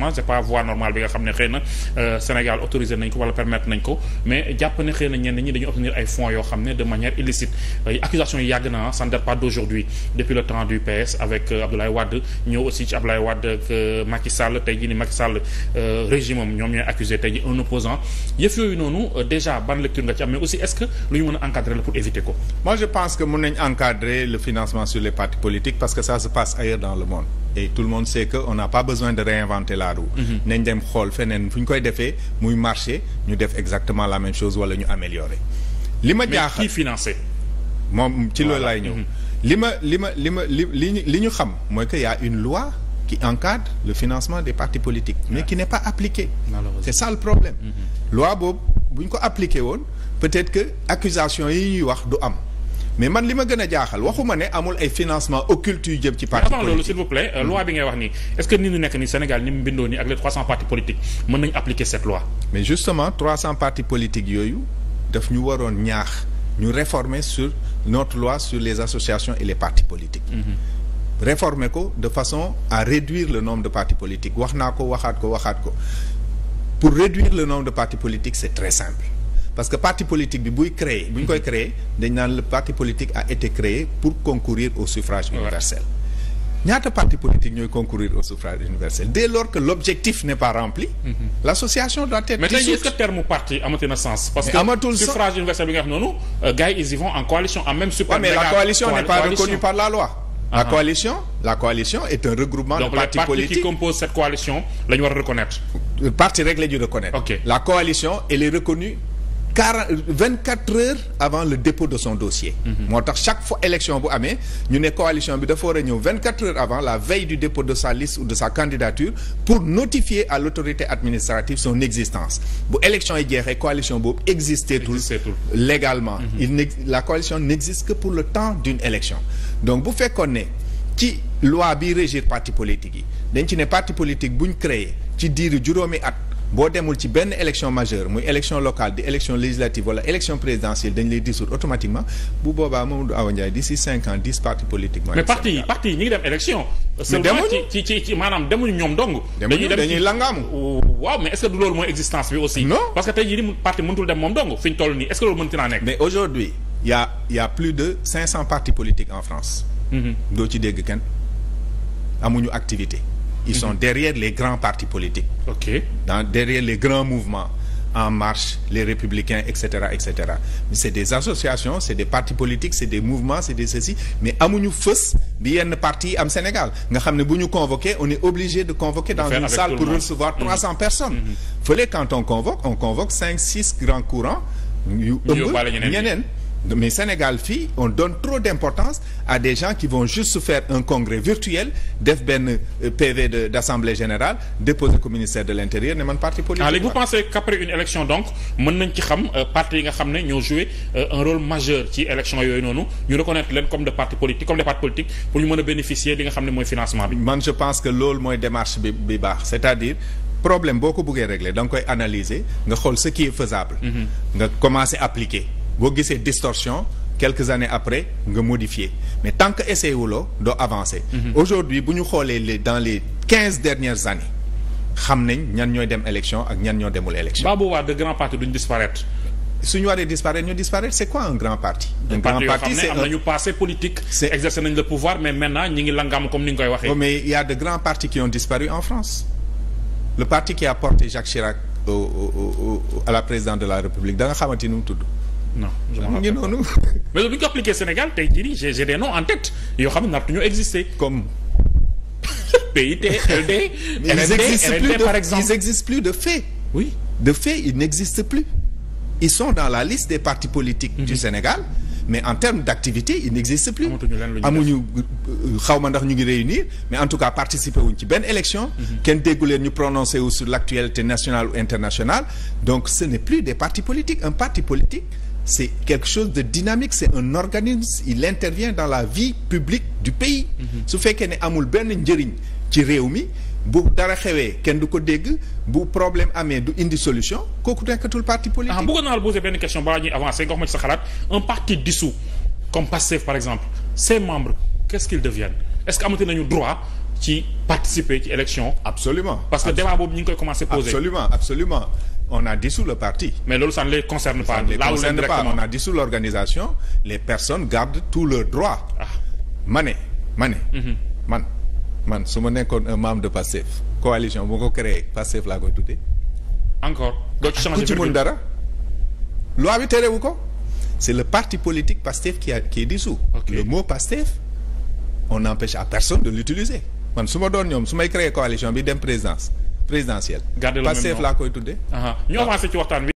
pratiquement pas voie normale bi nga xam ne xëy na euh, Sénégal autorisé nañ ko wala permettre nañ ko mais jàpp ne xëy na ñenn ñi dañu obtenir ay fonds yoo xam ne de manière illicite euh, accusation yi yàgg na ça ne date pas depuis le temps du PS avec euh, Abdoulaye Wade ñëw aussi ci Abdoulaye Wade ak Macky tey jii ni Macky Sall régime am ñoom ñooy accusé tey jii un opposant yëf yooyu noonu déjà ban lecture nga ci am mais aussi est-ce que lu ñu mën a encadrer la pour éviter que mën nañ et tout le monde sait que on n'a pas besoin de réinventer la roue. Mm-hmm. nañ dem xool feneen fu ñu koy defee muy marché ñu def exactement la même chose wala ñu améliorer. li ma jaaxal financé. moom ci loolu laay ñëw. Mm-hmm. li ma li ma li ma li li li ñu xam mooy que y a une loi qui encadre le financement des partis politiques. mais qui ne pas appliquée. malheureusement c'est ça le problème. Mm-hmm. loi boobu bu ñu ko appliqué woon peut-être que accusation yi ñuy wax du am. mais man li ma gën a jaaxal waxuma ne amul ay financement occulte yu jëm ci parti politique loolu s'il vous plaît euh, loi bi ngay wax nii est-ce que ni ñu nekk ni Sénégal ni mu bindoo nii ak les 300 partis politiques mën nañu appliquer cette loi mais justement 300 partis yooyu daf ñu waroon ñaax ñu réformer su notre loi sur les associations et les partis politiques mm réformer ko de façon à réduire le nombre de partis politiques wax naa ko waxaat ko waxaat ko pour réduire le nombre de partis politiques c'est très parce que parti politique bi buy créé bu ñu koy le parti politique a été créé pour concourir au suffrage universel ñaata parti politique ñooy concourir au suffrage universel dès lors que l'objectif n'est pas rempli mhm. l'association doit être mais parti amatul suffrage universel bi nga wax noonu euh, gars ils y vont en coalition en même super par la loi la uh-huh. coalition la coalition est un regroupement de partis politiques qui composent cette coalition la ñu quarante vingt quatre heures avant le dépôt de son dossier. Mhm. moo tax chaque fois élection bu amee ñu ne coalition bi dafa war a ñëw vingt quatre heures avant la veille du dépôt de sa liste ou de sa candidature pour notifier à l'autorité administrative son existence bu élection yi jeexee coalition boobu existeetul légalement mhm. il ne la coalition n'existe que pour le temps d'une élection donc bu fekkoon ne ci loi bi régir parti politique yi dañ ci ne parti politique bu ñu créé ci diiru juróomi at boo demul ci benn élection majeure muy élection locale di élection législative wala élection présidentielle dañ lay dissoudre automatiquement bu boobaa Mamadou Awa Ndiaye d'ici cinq ans dix partis politiques. mooy mais parti yi parti ñu ngi dem élection. seulement ci ci maanaam demuñu ñoom dong. dañuy langaamu. waaw mais est que du loolu mooy existence bi aussi. non parce que tey jii nii parti mëntul dem moom dong fi ñu toll nii est-ce loolu mënti naa nekk. mais aujourd'hui y a y a plus de mm-hmm. dégg amuñu activité. ils sont mhm. derrière les grands partis politiques. OK. Dans, derrière les grands mouvements. En Marche, les Républicains, etc., etc. Mais c'est des associations, c'est des partis politiques, c'est des mouvements, c'est des ceci. Mais amuñu fës bi yenn parti am Sénégal nga xam ne bu ñu convoqué on est obligé de convoquer dans une salle pour recevoir 300 mhm. mhm. personnes. fële quand on convoque on convoque 5 6 grands courants yu ëmb ñeneen mais Sénégal fii on donne trop d'importance à des gens qui vont juste faire un congrès virtuel def benn euh, PV de d'assemblée générale déposer ko ministère de l'intérieur ne man parti politique. ah vous pensez qu'après une élection donc mën nañ ci xam euh, parti nga xam ne ñoo joué euh, un rôle majeur ci élection yooyu noonu ñu reconnaître leen comme des partis politiques comme des partis politiques pour ñu mën a bénéficier li nga xam ne mooy financement bi. boo gisee distorsion quelques années après nga modifier mais tan que essayé wuloo doo avancer. Mhm. aujourd'hui bu ñu xoolee les dans les quinze dernières années xam nañ ñan ñooy dem élection ak ñan ñoo demul élection. Babou Wade grand parti duñ disparaître. su ñu waree disparaître ñu disparaître c'est quoi un grand parti. un grand parti c'est am nañu passé politique. c'est exercer nañ le pouvoir mais maintenant ñi ngi langaam comme ni nga koy waxee. Oh, mais il y a en France le parti qui a la présidence de la République da nga xamante ni mu tudd. non je ah, m'en rappelle noonu. mais bu ñu ko appliqué Sénégal tey jii nii j'ai des noms en tête yoo xam ne nar ñu exister. comme. PIT LD. RND par exemple ils existent plus de fait. oui de fait ils n'existent plus. ils sont dans la liste des partis politiques. Mm -hmm. du Sénégal mais en termes d'activité ils n'existent plus. amuñu euh, xaw ma ndax ñu ngi réunir mais en tout cas participer wuñ ci benn élection. Mm-hmm. kenn déggu leen ñu prononcé wu sur l'actualité nationale ou internationale donc ce n'est plus des partis politiques un parti politique. c'est quelque chose de dynamique c'est un organisme il intervient dans la vie publique du pays mhm. su fekkee ne amul benn njëriñ ci réew mi bu dara xewee kenn du ko dégg bu problème amee du indi solution kooku nekkatul parti politique ah, bëggoon naa la poser benn question balaa ñuy avancer nga wax ci sa xalaat un parti dissous comme PASTEF par exemple ses membres qu'est-ce qu'ils deviennent est-ce que nañu droit ci participer ci élection absolument parce que débat boobu ñu ngi koy commencer poser absolument absolument on a dissous le parti. Mais loolu ça ne les concerne pas. Ça les concerne pas. On a dissous l'organisation, les personnes gardent tous le droits. Ah. mane ma ne ma mhm. ne man man su ma nekkoon un membre de Pastef coalition bu ko créé Pastef laa koy tuddee. encore doo ci changer ku dara. loi bi terewu ko. c'est le parti politique Pastef qui a qui est dissous. Okay. le mot Pastef on n'empêche à personne de l'utiliser man su ma doon ñoom su may créer coalition bi dem présidence. présidentielle. gardez le même laa koy tuddee. ñu avancé ci waxtaan wi.